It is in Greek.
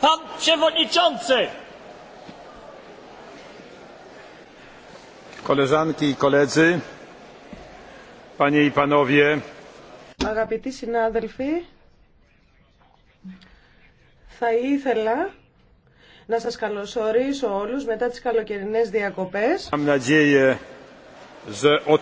Pan Przewodniczący! Koleżanki i koledzy, Panie i Panowie. Αγαπητοί συνάδελφοι, θα ήθελα να σας καλωσορίσω όλους μετά τις καλοκαιρινές διακοπές. Mam że